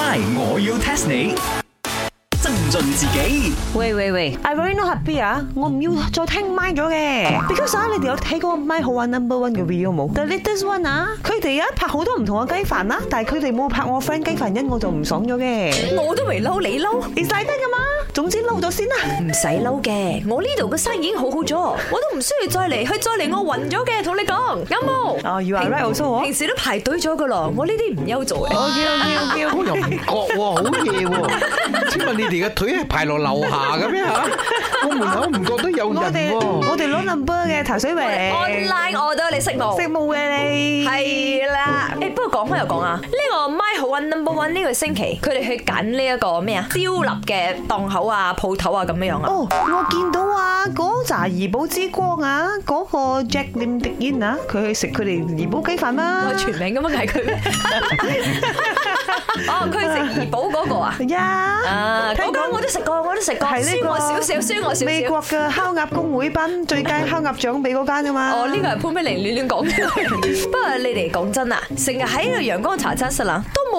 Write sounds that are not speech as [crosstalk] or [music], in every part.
我要 test 你，增進自己。喂喂喂，I really not happy 啊！我唔要再聽 my 咗嘅。Because 啊，你哋有睇過個 my 好玩 number one 嘅 video 冇？但係呢 this one 啊，佢哋啊拍好多唔同嘅雞飯啊，但係佢哋冇拍我 friend 雞飯，因我就唔爽咗嘅。我都未嬲，你嬲？你晒得噶嘛？總之嬲咗先啦。唔使嬲嘅，我呢度嘅生意已經好好咗，我都唔需要再嚟，去再嚟我暈咗嘅，同你講，有冇。啊，如果 right so 我平時都排隊咗噶咯，我呢啲唔休做嘅。我叫，我叫。又唔覺喎，好嘢喎。請問你哋嘅腿係排落樓下嘅咩吓？我門口唔覺得有人喎。我哋我哋攞 number 嘅頭水偉 online 我都你識冇？識冇嘅你係啦。誒，不過講開又講啊，呢個 Michael Number One 呢個星期，佢哋去揀呢一個咩啊？燒臘嘅檔口啊、鋪頭啊咁樣樣啊。哦，我見到啊，嗰扎怡寶之光啊，嗰個 Jack Link 的煙啊，佢去食佢哋怡寶雞飯啦。全名咁啊，係佢。哦，佢食怡寶嗰個啊，係呀，啊，嗰間我都食過，我都食過，酸我少少，酸我少少。點點美國嘅烤鴨工會班 [laughs] 最佳烤鴨獎俾嗰間噶嘛？哦，呢個係潘碧玲亂亂講嘅。不過你哋講真啊，成日喺個陽光茶餐室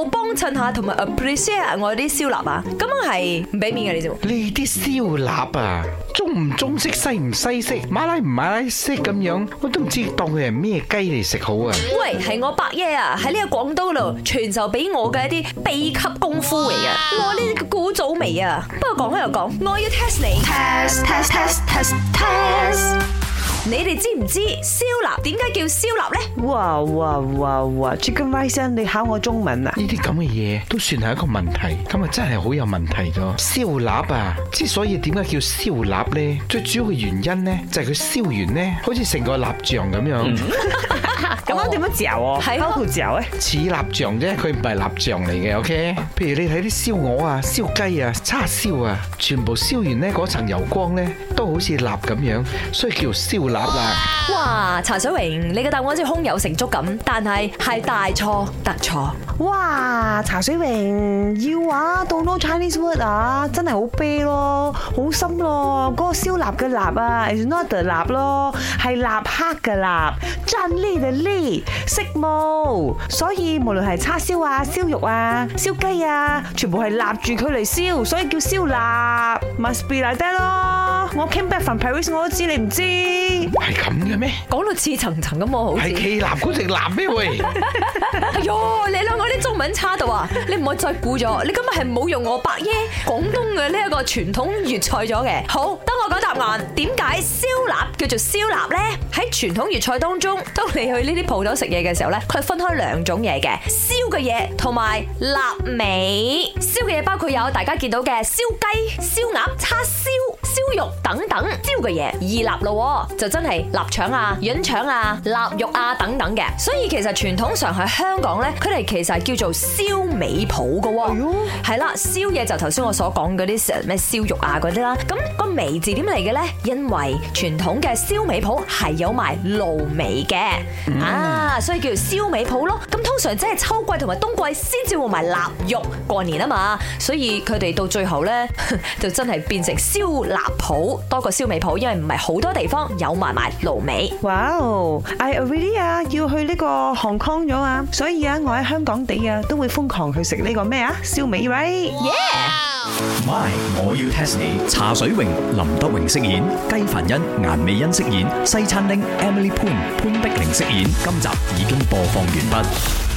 幫襯下，同埋 appreciate 我啲燒臘啊！咁係唔俾面嘅呢？你知唔知呢啲燒臘啊，中唔中式，西唔西式，馬拉唔馬拉式咁樣，我都唔知當佢係咩雞嚟食好啊！喂，係我伯爺啊，喺呢個廣東度傳授俾我嘅一啲秘笈功夫嚟嘅，我呢個古早味啊！不過講開又講，我要 test 你。你哋知唔知燒臘點解叫燒臘呢？哇哇哇哇！Chicken Rice！你考我中文啊？呢啲咁嘅嘢都算係一個問題，咁啊真係好有問題㗎。燒臘啊，之所以點解叫燒臘呢？最主要嘅原因呢，就係佢燒完呢，好似成個蠟、嗯、 [laughs] 像咁樣。咁樣點樣嚼喎？喺度嚼啊？似蠟像啫，佢唔係蠟像嚟嘅。OK，譬如你睇啲燒鵝啊、燒雞啊、叉燒啊，全部燒完呢，嗰層油光呢，都好似蠟咁樣，所以叫燒臘。哇！茶水榮，你嘅答案好似胸有成竹咁，但係係大錯特錯。哇！茶水榮，要話到多 Chinese word 啊，真係好悲咯，好深咯，嗰、那個燒臘嘅臘啊，is not the 臘咯，係臘黑嘅臘。真 lead 嘅 lead，色毛，所以無論係叉燒啊、燒肉啊、燒雞啊，全部係立住佢嚟燒，所以叫燒臘，must be like that 咯。我 came back from Paris，我都知你唔知，係咁嘅咩？講到層層咁喎，係暨南嗰隻南咩喂？ [laughs] 哎呦，你兩個啲中文差到啊！ [laughs] 你唔可以再估咗，你今日係冇用我百耶廣東嘅呢一個傳統粵菜咗嘅，好，講答案，點解燒臘叫做燒臘呢？喺傳統粵菜當中，當你去呢啲鋪頭食嘢嘅時候呢，佢係分開兩種嘢嘅，燒嘅嘢同埋臘味。燒嘅嘢包括有大家見到嘅燒雞、燒鴨、叉燒、燒肉等等。燒嘅嘢，二臘咯，就真係臘腸啊、軟腸啊、臘肉啊等等嘅。所以其實傳統上喺香港呢，佢哋其實叫做燒味鋪噶喎。係、哎、啦，燒嘢就頭先我所講嗰啲咩燒肉啊嗰啲啦。咁、那個味字。點嚟嘅咧？因為傳統嘅燒味鋪係有埋滷味嘅啊，所以叫做燒味鋪咯。咁通常即係秋季同埋冬季先至會賣臘肉過年啊嘛，所以佢哋到最後咧就真係變成燒臘鋪多過燒味鋪，因為唔係好多地方有埋埋滷味哇。哇哦，I already 啊，要去呢個 Hong Kong 咗啊，所以啊，我喺香港地啊都會瘋狂去食呢個咩啊燒味，right？Yeah。My，我要 Test 你。茶水榮、林德榮飾演，雞凡欣、顏美欣飾演，西餐廳 Emily Poon 潘碧玲飾演。今集已經播放完畢。